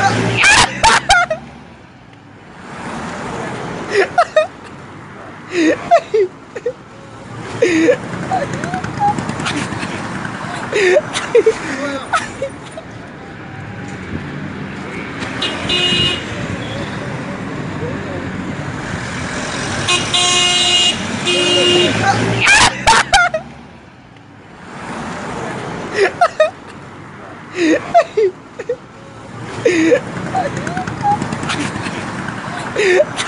Oh, yeah. Yeah.